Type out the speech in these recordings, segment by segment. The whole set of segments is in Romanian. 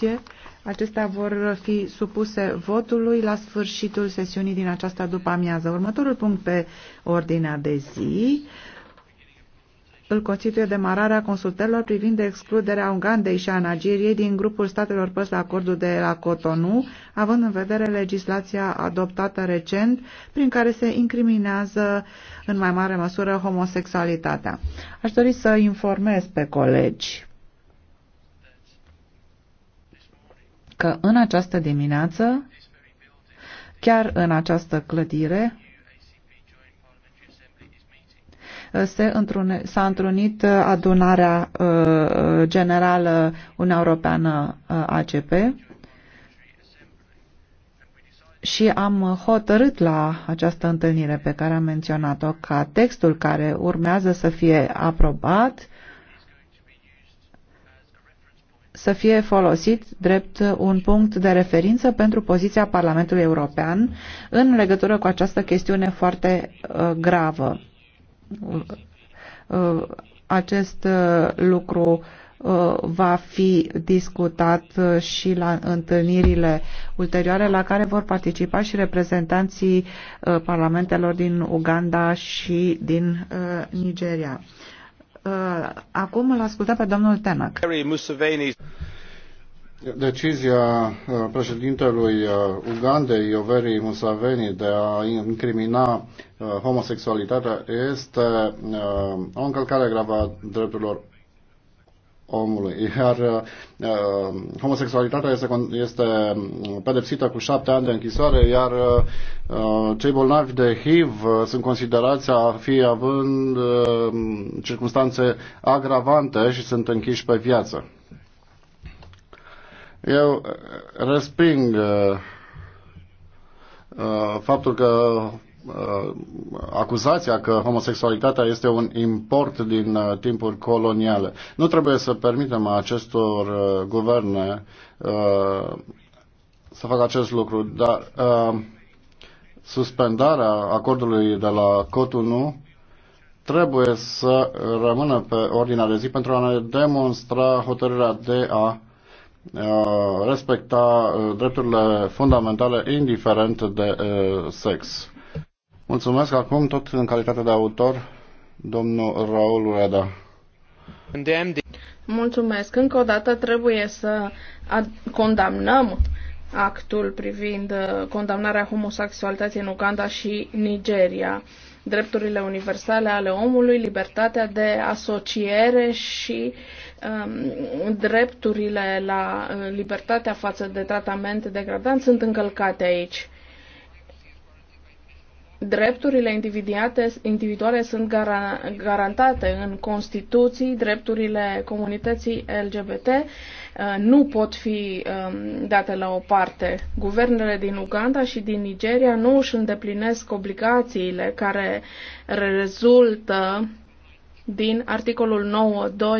rezoluție. Acestea vor fi supuse votului la sfârșitul sesiunii din această după-amiază. Următorul punct pe ordinea de zi îl constituie demararea consultărilor privind de excluderea Ungandei și a Nigeriei din grupul statelor păs la acordul de la Cotonou, având în vedere legislația adoptată recent, prin care se incriminează în mai mare măsură homosexualitatea. Aș dori să informez pe colegi că în această dimineață, chiar în această clădire, s-a întrunit uh, adunarea uh, generală Uniunea Europeană uh, ACP și am hotărât la această întâlnire pe care am menționat-o ca textul care urmează să fie aprobat să fie folosit drept un punct de referință pentru poziția Parlamentului European în legătură cu această chestiune foarte uh, gravă. Uh, uh acest uh, lucru uh, va fi discutat uh, și la întâlnirile ulterioare la care vor participa și reprezentanții parlamentelor din Uganda și din Nigeria. Uh, acum îl ascultăm pe domnul Tenac. Decizia uh, președintelui uh, Ugandei, Ioveri Musaveni, de a incrimina homosexualitatea este o încălcare gravă a drepturilor omului. Iar uh, homosexualitatea este, este pedepsită cu șapte ani de închisoare, iar uh, cei bolnavi de HIV uh, sunt considerați a fi având uh, circunstanțe agravante și sunt închiși pe viață. Eu uh, resping uh, uh, faptul că Uh, acuzația că homosexualitatea este un import din uh, timpuri coloniale. Nu trebuie să permitem acestor uh, guverne să facă acest lucru, dar suspendarea acordului de la Cotonou trebuie să rămână pe ordinea de zi pentru a ne demonstra hotărârea de a respecta drepturile fundamentale indiferent de sex. Mulțumesc acum tot în calitate de autor, domnul Raul Ureda. Mulțumesc. Încă o dată trebuie să condamnăm actul privind uh, condamnarea homosexualității în Uganda și Nigeria, drepturile universale ale omului, libertatea de asociere și um, drepturile la uh, libertatea față de tratament degradant sunt încălcate aici drepturile individuale sunt garantate în Constituții, drepturile comunității LGBT uh, nu pot fi um, date la o parte. Guvernele din Uganda și din Nigeria nu își îndeplinesc obligațiile care rezultă din articolul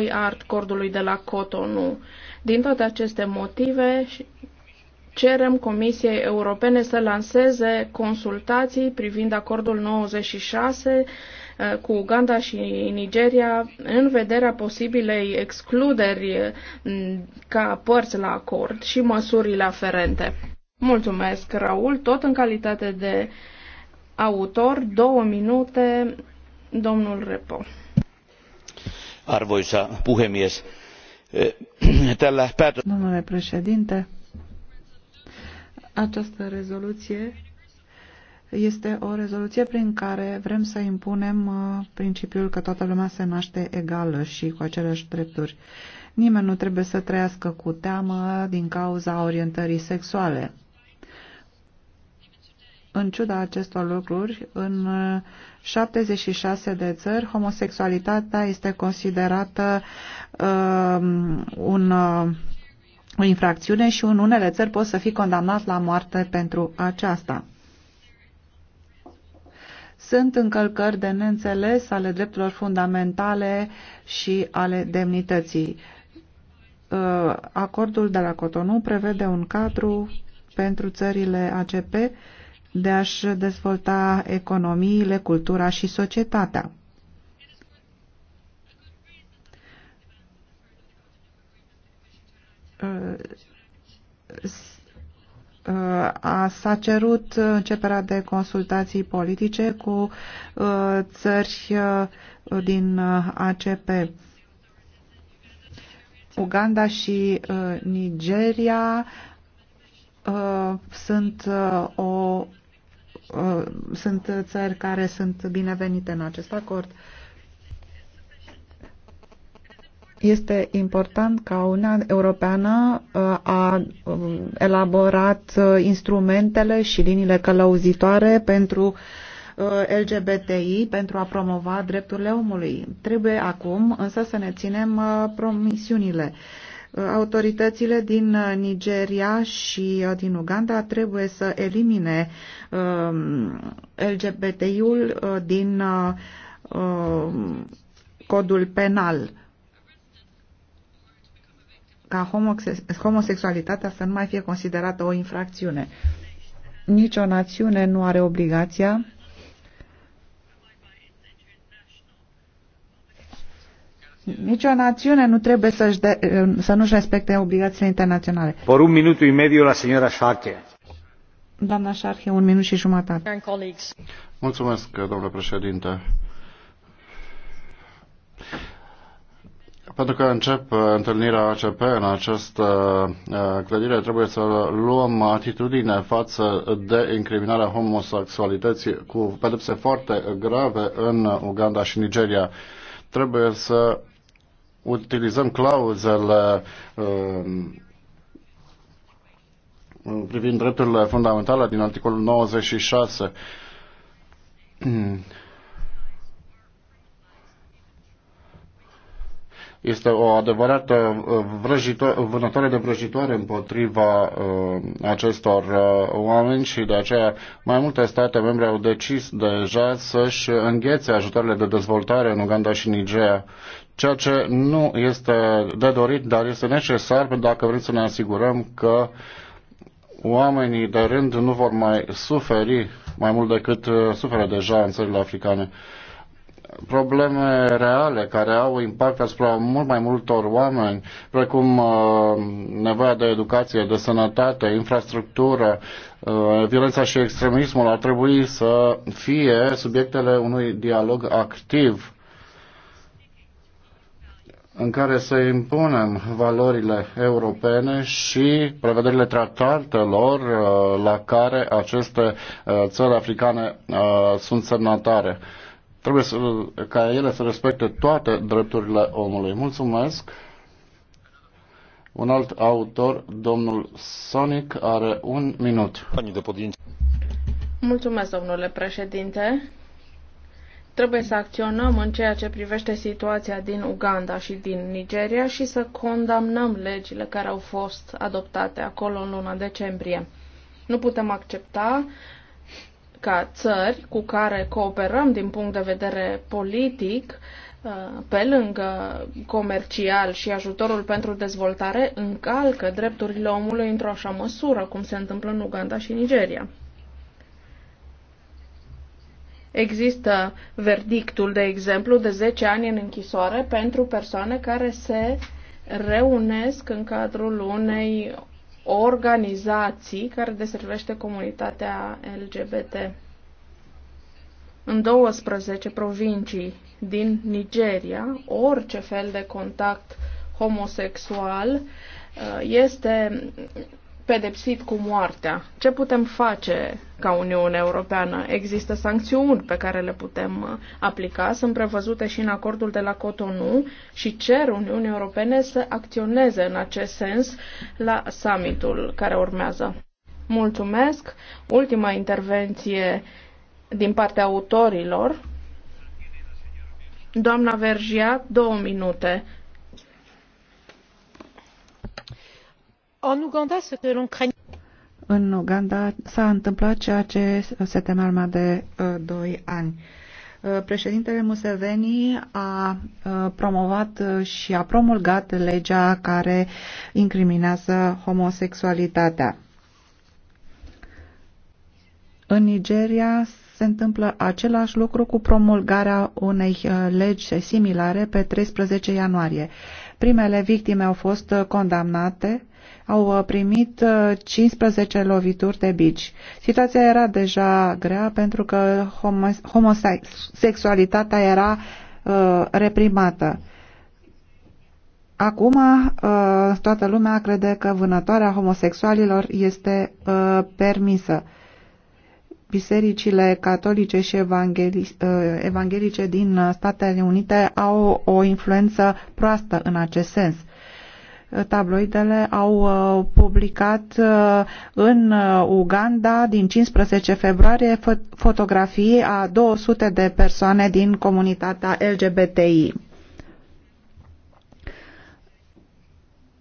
9.2 art cordului de la Cotonou. Din toate aceste motive, cerem Comisiei Europene să lanseze consultații privind acordul 96 eh, cu Uganda și Nigeria în vederea posibilei excluderi mm, ca părți la acord și măsurile aferente. Mulțumesc, Raul, tot în calitate de autor, două minute, domnul Repo. Arvoisa puhemies, eh, tällä päätös... Domnule președinte, această rezoluție este o rezoluție prin care vrem să impunem uh, principiul că toată lumea se naște egală și cu aceleași drepturi. Nimeni nu trebuie să trăiască cu teamă din cauza orientării sexuale. În ciuda acestor lucruri, în 76 uh, de țări, homosexualitatea este considerată uh, un uh, o infracțiune și în unele țări poți să fii condamnat la moarte pentru aceasta. Sunt încălcări de neînțeles ale drepturilor fundamentale și ale demnității. Uh, acordul de la Cotonou prevede un cadru pentru țările ACP de a-și dezvolta economiile, cultura și societatea. a s-a cerut începerea de consultații politice cu țări din ACP. Uganda și Nigeria sunt o sunt țări care sunt binevenite în acest acord. Este important ca Uniunea Europeană uh, a um, elaborat uh, instrumentele și liniile călăuzitoare pentru uh, LGBTI pentru a promova drepturile omului. Trebuie acum însă să ne ținem promisiunile. Autoritățile din Nigeria și din Uganda trebuie să elimine um, LGBTI-ul din um, codul penal ca homosexualitatea să nu mai fie considerată o infracțiune. Nici o națiune nu are obligația Nici o națiune nu trebuie să, de, să nu-și respecte obligațiile internaționale. Por un minut și mediu la señora Schake. Doamna Șarhe, un minut și jumătate. Mulțumesc, domnule președinte. Pentru că încep uh, întâlnirea ACP în această uh, clădire, trebuie să luăm atitudine față de incriminarea homosexualității cu pedepse foarte grave în Uganda și Nigeria. Trebuie să utilizăm clauzele uh, privind drepturile fundamentale din articolul 96 Este o adevărată uh, vânătoare de vrăjitoare împotriva uh, acestor uh, oameni și de aceea mai multe state membre au decis deja să-și înghețe ajutoarele de dezvoltare în Uganda și Nigeria, ceea ce nu este de dorit, dar este necesar dacă vrem să ne asigurăm că oamenii de rând nu vor mai suferi mai mult decât suferă deja în țările africane probleme reale care au impact asupra mult mai multor oameni, precum uh, nevoia de educație, de sănătate, infrastructură, uh, violența și extremismul, ar trebui să fie subiectele unui dialog activ în care să impunem valorile europene și prevederile tratatelor uh, la care aceste țări africane sunt semnatare. Trebuie să, ca ele să respecte toate drepturile omului. Mulțumesc! Un alt autor, domnul Sonic, are un minut. Mulțumesc, domnule președinte. Trebuie să acționăm în ceea ce privește situația din Uganda și din Nigeria și să condamnăm legile care au fost adoptate acolo în luna decembrie. Nu putem accepta ca țări cu care cooperăm din punct de vedere politic, uh, pe lângă comercial și ajutorul pentru dezvoltare, încalcă drepturile omului într-o așa măsură, cum se întâmplă în Uganda și Nigeria. Există verdictul, de exemplu, de 10 ani în închisoare pentru persoane care se reunesc în cadrul unei organizații care deservește comunitatea LGBT. În 12 provincii din Nigeria, orice fel de contact homosexual uh, este pedepsit cu moartea. Ce putem face ca Uniune Europeană? Există sancțiuni pe care le putem uh, aplica, sunt prevăzute și în acordul de la Cotonou și cer Uniunii Europene să acționeze în acest sens la summitul care urmează. Mulțumesc. Ultima intervenție din partea autorilor. Doamna Vergia, două minute. În Uganda, ce l'on craignait în Uganda s-a întâmplat ceea ce se temea mai de uh, doi ani. Uh, președintele Museveni a uh, promovat uh, și a promulgat legea care incriminează homosexualitatea. În Nigeria se întâmplă același lucru cu promulgarea unei legi similare pe 13 ianuarie. Primele victime au fost condamnate au uh, primit 15 uh, lovituri de bici. Situația era deja grea pentru că homosexualitatea era uh, reprimată. Acum toată lumea crede că vânătoarea homosexualilor este permisă. Bisericile catolice și evanghelice din Statele Unite au o influență proastă în acest sens tabloidele au uh, publicat uh, în uh, Uganda din 15 februarie fotografii a 200 de persoane din comunitatea LGBTI.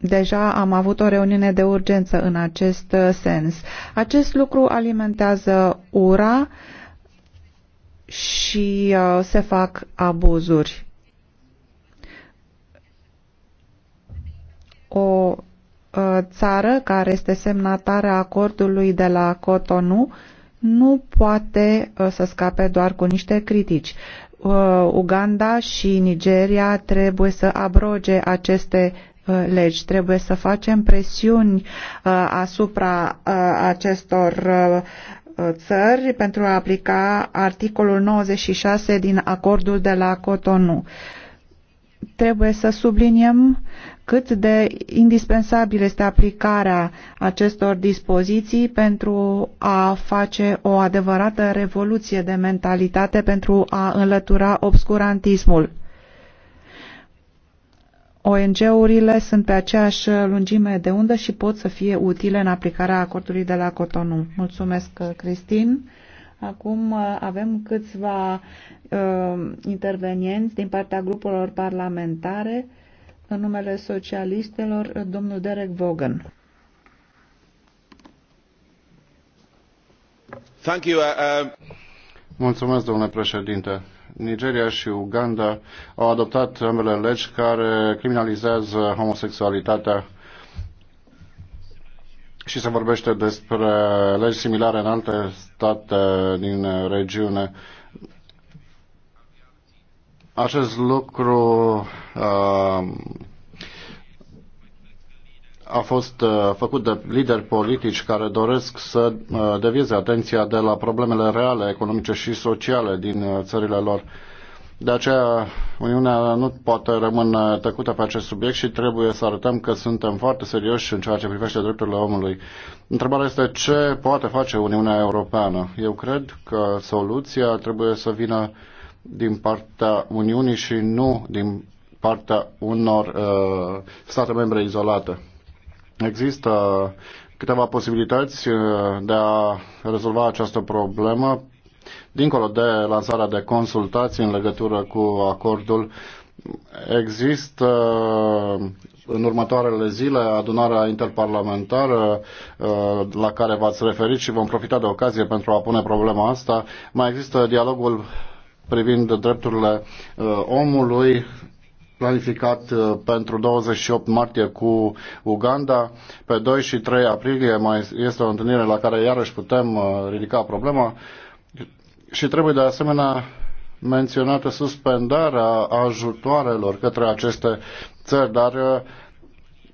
Deja am avut o reuniune de urgență în acest sens. Acest lucru alimentează ura și se fac abuzuri o ă, țară care este semnatară a acordului de la Cotonou nu poate ă, să scape doar cu niște critici. Ă, Uganda și Nigeria trebuie să abroge aceste legi. Trebuie să facem presiuni asupra acestor țări pentru a aplica articolul 96 din acordul de la Cotonou. Trebuie să subliniem cât de indispensabil este aplicarea acestor dispoziții pentru a face o adevărată revoluție de mentalitate pentru a înlătura obscurantismul. ONG-urile sunt pe aceeași lungime de undă și pot să fie utile în aplicarea acordului de la Cotonou. Mulțumesc, Cristin. Acum uh, avem câțiva uh, intervenienți din partea grupurilor parlamentare în numele socialistelor, domnul Derek Vaughan. Thank you, uh, uh... Mulțumesc, domnule președinte. Nigeria și Uganda au adoptat ambele legi care criminalizează homosexualitatea și se vorbește despre legi similare în alte state din regiune. Uh, acest lucru uh, a fost uh, făcut de lideri politici care doresc să uh, devieze atenția de la problemele reale, economice și sociale din țările lor. De aceea, Uniunea nu poate rămâne tăcută pe acest subiect și trebuie să arătăm că suntem foarte serioși în ceea ce privește drepturile omului. Întrebarea este ce poate face Uniunea Europeană. Eu cred că soluția trebuie să vină din partea Uniunii și nu din partea unor uh, state membre izolate. Există câteva posibilități uh, de a rezolva această problemă, dincolo de lansarea de consultații în legătură cu acordul. Există uh, în următoarele zile adunarea interparlamentară uh, la care v-ați referit și vom profita de ocazie pentru a pune problema asta. Mai există dialogul privind drepturile uh, omului planificat uh, pentru 28 martie cu Uganda. Pe 2 și 3 aprilie mai este o întâlnire la care iarăși putem uh, ridica problema și trebuie de asemenea menționată suspendarea ajutoarelor către aceste țări, dar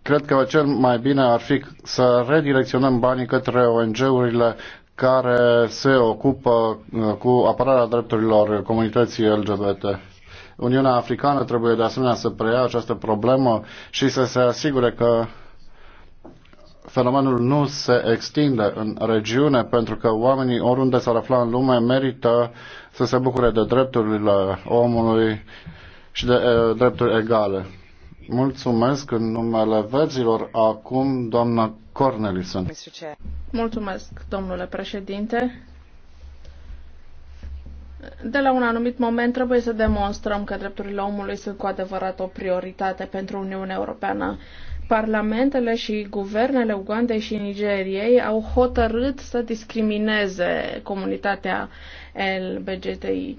cred că cel mai bine ar fi să redirecționăm banii către ONG-urile care se ocupă uh, cu apărarea drepturilor comunității LGBT. Uniunea Africană trebuie de asemenea să preia această problemă și să se asigure că fenomenul nu se extinde în regiune, pentru că oamenii oriunde s-ar afla în lume merită să se bucure de drepturile omului și de uh, drepturi egale. Mulțumesc în numele verzilor acum doamna Cornelison. Mulțumesc, domnule președinte. De la un anumit moment trebuie să demonstrăm că drepturile omului sunt cu adevărat o prioritate pentru Uniunea Europeană. Parlamentele și guvernele Ugandei și Nigeriei au hotărât să discrimineze comunitatea LBGTI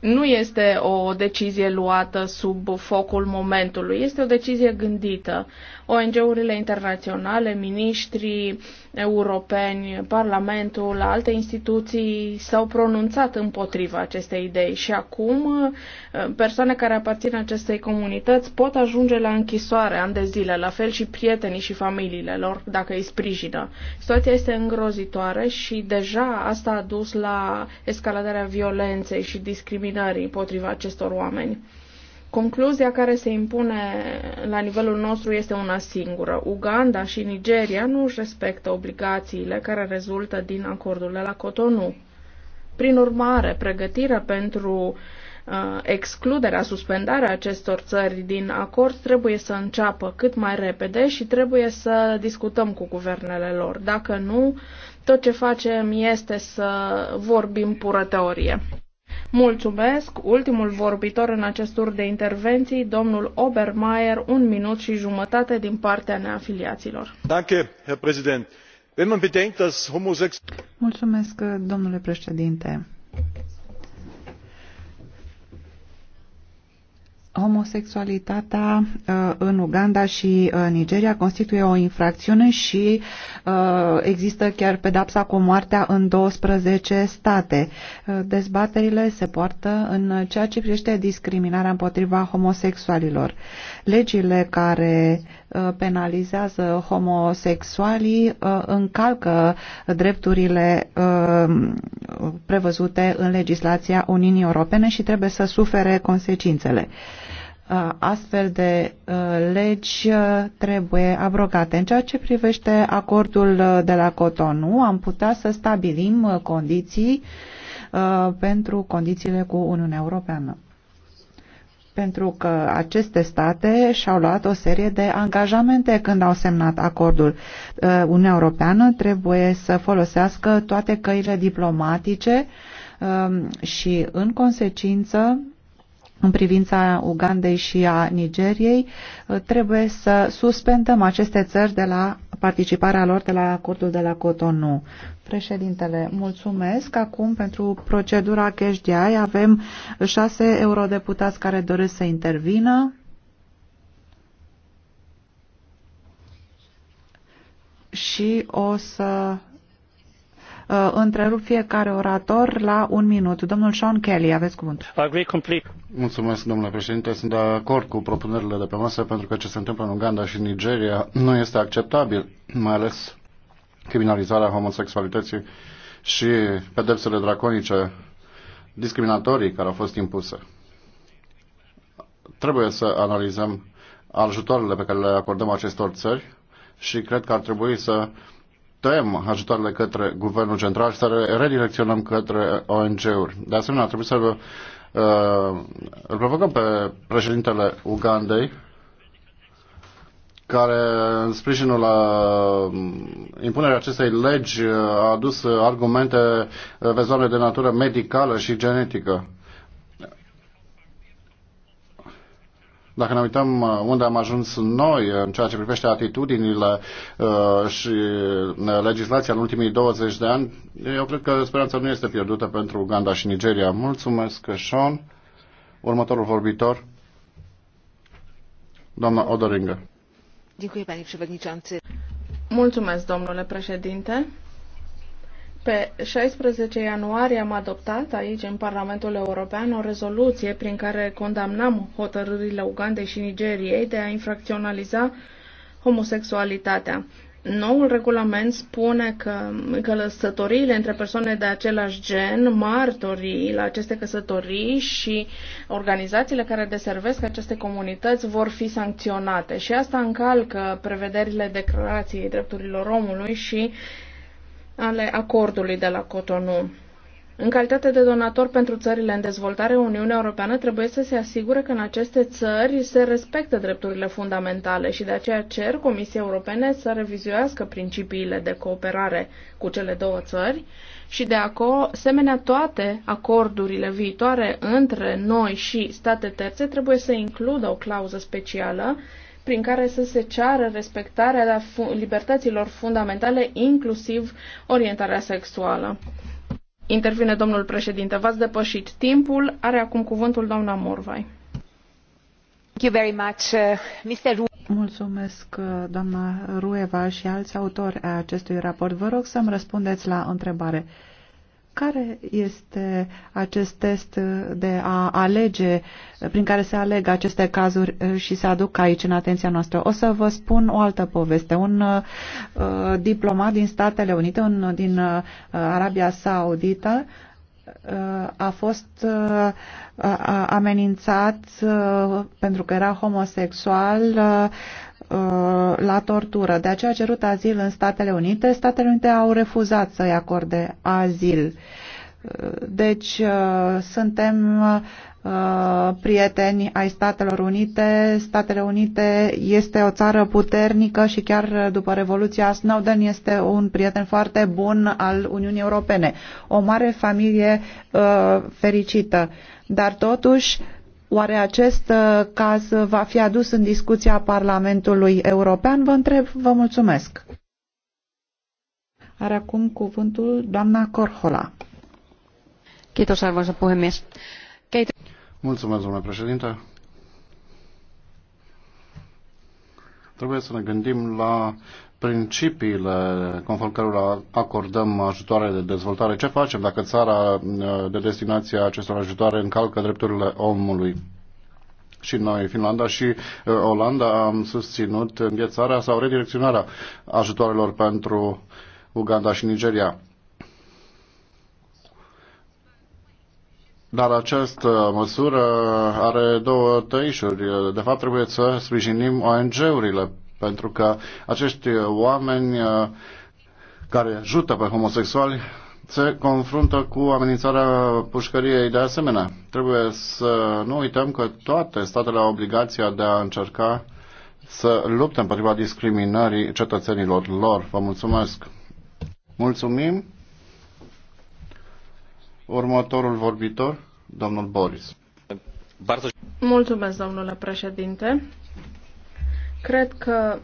nu este o decizie luată sub focul momentului, este o decizie gândită. ONG-urile internaționale, miniștrii europeni, Parlamentul, alte instituții s-au pronunțat împotriva acestei idei și acum uh, persoane care aparțin acestei comunități pot ajunge la închisoare ani de zile, la fel și prietenii și familiile lor dacă îi sprijină. Situația este îngrozitoare și deja asta a dus la escaladarea violenței și discriminării discriminării împotriva acestor oameni. Concluzia care se impune la nivelul nostru este una singură. Uganda și Nigeria nu își respectă obligațiile care rezultă din acordul de la Cotonou. Prin urmare, pregătirea pentru uh, excluderea, suspendarea acestor țări din acord trebuie să înceapă cât mai repede și trebuie să discutăm cu guvernele lor. Dacă nu, tot ce facem este să vorbim pură teorie. Mulțumesc. Ultimul vorbitor în acest tur de intervenții, domnul Obermeier, un minut și jumătate din partea neafiliaților. Danke, Herr Präsident. Wenn man bedenkt, dass Mulțumesc, domnule președinte. Homosexualitatea uh, în Uganda și uh, Nigeria constituie o infracțiune și uh, există chiar pedapsa cu moartea în 12 state. Dezbaterile se poartă în ceea ce privește discriminarea împotriva homosexualilor. Legile care penalizează homosexualii încalcă drepturile prevăzute în legislația Uniunii Europene și trebuie să sufere consecințele. Uh, astfel de uh, legi uh, trebuie abrogate. În ceea ce privește acordul de la Cotonou, am putea să stabilim condiții pentru condițiile cu Uniunea Europeană. Pentru că aceste state și-au luat o serie de angajamente când au semnat acordul. Uniunea Europeană trebuie să folosească toate căile diplomatice um, și, în consecință, în privința Ugandei și a Nigeriei, trebuie să suspendăm aceste țări de la participarea lor de la acordul de la Cotonou. Președintele, mulțumesc. Acum, pentru procedura cash avem șase eurodeputați care doresc să intervină. Și o să Uh, întrerup fiecare orator la un minut. Domnul Sean Kelly, aveți cuvântul. Mulțumesc, domnule președinte. Sunt de acord cu propunerile de pe masă pentru că ce se întâmplă în Uganda și în Nigeria nu este acceptabil, mai ales criminalizarea homosexualității și pedepsele draconice discriminatorii care au fost impuse. Trebuie să analizăm ajutoarele pe care le acordăm acestor țări și cred că ar trebui să tăiem ajutoarele către Guvernul Central și să redirecționăm către ONG-uri. De asemenea, trebuie să uh, îl provocăm pe președintele Ugandei care în sprijinul la uh, impunerea acestei legi uh, a adus argumente uh, vezoane de natură medicală și genetică. Dacă ne uităm uh, unde am ajuns noi uh, în ceea ce privește atitudinile uh, și legislația în ultimii 20 de ani, eu cred că speranța nu este pierdută pentru Uganda și Nigeria. Mulțumesc, Sean. Următorul vorbitor, doamna Odoringă. Mulțumesc, domnule președinte. Pe 16 ianuarie am adoptat aici, în Parlamentul European, o rezoluție prin care condamnam hotărârile Ugandei și Nigeriei de a infracționaliza homosexualitatea. Noul regulament spune că călăsătoriile între persoane de același gen, martorii la aceste căsătorii și organizațiile care deservesc aceste comunități vor fi sancționate și asta încalcă prevederile Declarației Drepturilor Omului și uh, ale acordului de la Cotonou. În calitate de donator pentru țările în dezvoltare, Uniunea Europeană trebuie să se asigure că în aceste țări se respectă drepturile fundamentale și de aceea cer Comisiei Europene să revizuiască principiile de cooperare cu cele două țări și de asemenea toate acordurile viitoare între noi și state terțe trebuie să includă o clauză specială prin care să se ceară respectarea libertăților fundamentale, inclusiv orientarea sexuală. Intervine domnul președinte. V-ați depășit timpul. Are acum cuvântul doamna Morvai. Uh, Mulțumesc, uh, doamna Rueva și alți autori a acestui raport. Vă rog să-mi răspundeți la întrebare. Care este acest test de a alege, prin care se aleg aceste cazuri uh, și se aduc aici în atenția noastră? O să vă spun o altă poveste. Un uh, diplomat din Statele Unite, un, din uh, Arabia Saudită, uh, a fost uh, amenințat uh, pentru că era homosexual uh, Uh, la tortură. De aceea a cerut azil în Statele Unite. Statele Unite au refuzat să-i acorde azil. Uh, deci uh, suntem prieteni ai Statelor Unite. Statele Unite este o țară puternică și chiar după Revoluția Snowden este un prieten foarte bun al Uniunii Europene. O mare familie fericită. Dar totuși Oare acest uh, caz va fi adus în discuția Parlamentului European? Vă întreb, vă mulțumesc. Are acum cuvântul doamna Corhola. Kiitos, arvoisa puhemies. Mulțumesc, domnule președinte. Trebuie să ne gândim la principiile conform cărora acordăm ajutoare de dezvoltare. Ce facem dacă țara uh, de destinație a acestor ajutoare încalcă drepturile omului? și noi, Finlanda și uh, Olanda, am susținut înghețarea sau redirecționarea ajutoarelor pentru Uganda și Nigeria. Dar această măsură are două tăișuri. De fapt, trebuie să sprijinim ONG-urile pentru că acești oameni uh, care ajută pe homosexuali se confruntă cu amenințarea pușcăriei de asemenea. Trebuie să nu uităm că toate statele au obligația de a încerca să lupte împotriva discriminării cetățenilor lor. Vă mulțumesc! Mulțumim! Următorul vorbitor, domnul Boris. Mulțumesc, domnule președinte. Cred că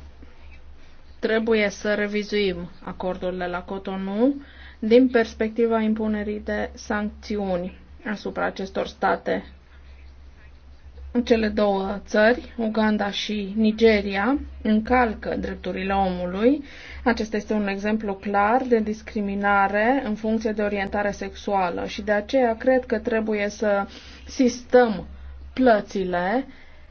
trebuie să revizuim acordurile la Cotonou din perspectiva impunerii de sancțiuni asupra acestor state. Cele două țări, Uganda și Nigeria, încalcă drepturile omului. Acesta este un exemplu clar de discriminare în funcție de orientare sexuală și de aceea cred că trebuie să sistăm plățile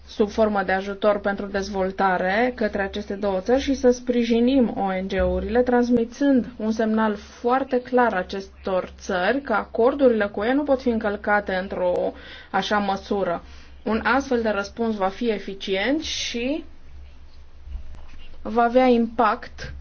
sub formă de ajutor pentru dezvoltare către aceste două țări și să sprijinim ONG-urile, transmițând un semnal foarte clar acestor țări că acordurile cu ei nu pot fi încălcate într-o așa măsură. Un astfel de răspuns va fi eficient și va avea impact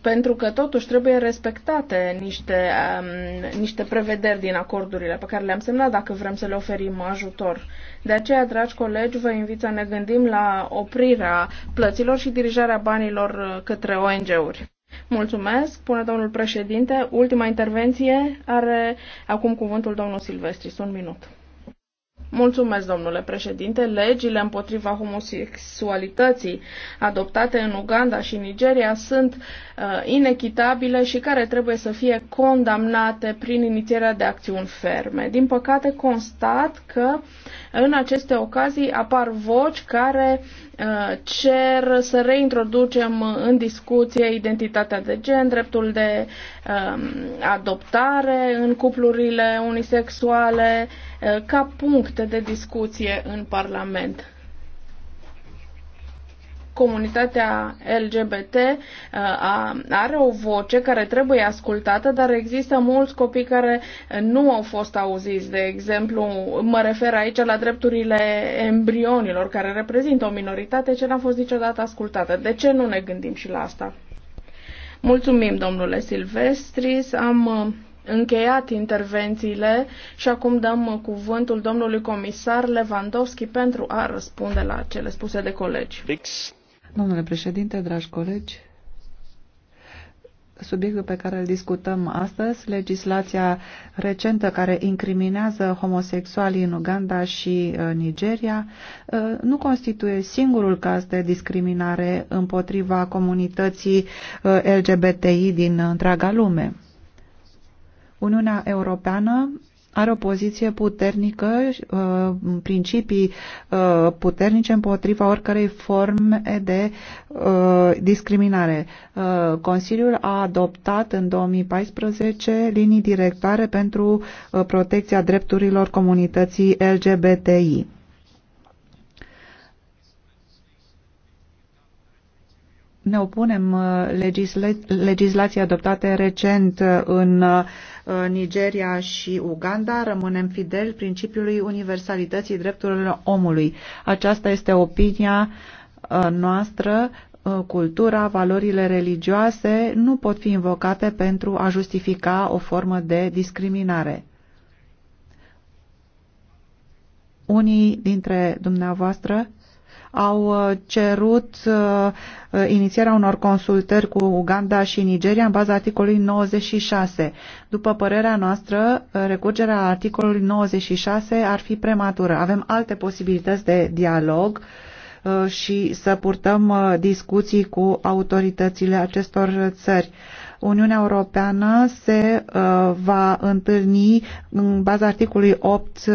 pentru că totuși trebuie respectate niște, um, niște prevederi din acordurile pe care le-am semnat dacă vrem să le oferim ajutor. De aceea, dragi colegi, vă invit să ne gândim la oprirea plăților și dirijarea banilor uh, către ONG-uri. Mulțumesc, Până domnul președinte. Ultima intervenție are acum cuvântul domnul Silvestri. Un minut. Mulțumesc, domnule președinte. Legile împotriva homosexualității adoptate în Uganda și Nigeria sunt uh, inechitabile și care trebuie să fie condamnate prin inițierea de acțiuni ferme. Din păcate, constat că în aceste ocazii apar voci care Uh, cer să reintroducem în discuție identitatea de gen, dreptul de um, adoptare în cuplurile unisexuale uh, ca puncte de discuție în Parlament comunitatea LGBT uh, are o voce care trebuie ascultată, dar există mulți copii care nu au fost auziți. De exemplu, mă refer aici la drepturile embrionilor, care reprezintă o minoritate ce n-a fost niciodată ascultată. De ce nu ne gândim și la asta? Mulțumim, domnule Silvestris. Am uh, încheiat intervențiile și acum dăm uh, cuvântul domnului comisar Lewandowski pentru a răspunde la cele spuse de colegi. Domnule președinte, dragi colegi, subiectul pe care îl discutăm astăzi, legislația recentă care incriminează homosexualii în Uganda și uh, Nigeria, uh, nu constituie singurul caz de discriminare împotriva comunității uh, LGBTI din întreaga lume. Uniunea Europeană are o poziție puternică, uh, principii uh, puternice împotriva oricărei forme de uh, discriminare. Consiliul a adoptat în 2014 linii directoare pentru protecția drepturilor comunității LGBTI. Ne opunem legisla legislației adoptate recent în uh, Nigeria și Uganda, rămânem fideli principiului universalității drepturilor omului. Aceasta este opinia uh, noastră uh, cultura, valorile religioase nu pot fi invocate pentru a justifica o formă de discriminare. Unii dintre dumneavoastră au uh, cerut uh, inițierea unor consultări cu Uganda și Nigeria în baza articolului 96. După părerea noastră, uh, recurgerea articolului 96 ar fi prematură. Avem alte posibilități de dialog și să purtăm discuții cu autoritățile acestor țări. Uniunea Europeană se uh, va întâlni în baza articolului 8 uh,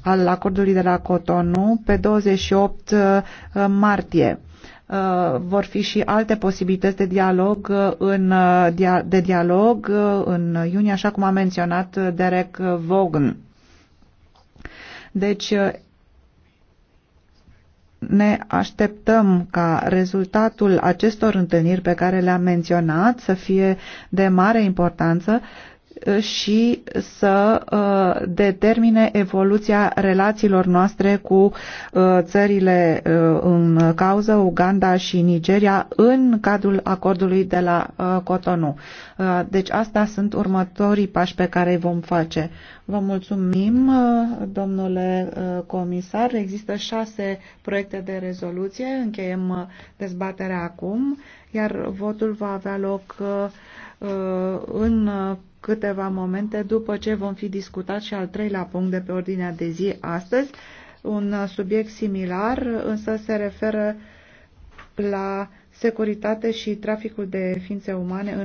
al acordului de la Cotonou pe 28 uh, martie vor fi și alte posibilități de dialog, în, de dialog în iunie, așa cum a menționat Derek Vaughan. Deci ne așteptăm ca rezultatul acestor întâlniri pe care le-am menționat să fie de mare importanță și să uh, determine evoluția relațiilor noastre cu uh, țările uh, în cauză, Uganda și Nigeria, în cadrul acordului de la Cotonou. Deci asta sunt următorii pași pe care îi vom face. Vă mulțumim, domnule comisar. Există șase proiecte de rezoluție. Încheiem dezbaterea acum, iar votul va avea loc în câteva momente după ce vom fi discutat și al treilea punct de pe ordinea de zi astăzi, un subiect similar, însă se referă la securitate și traficul de ființe umane în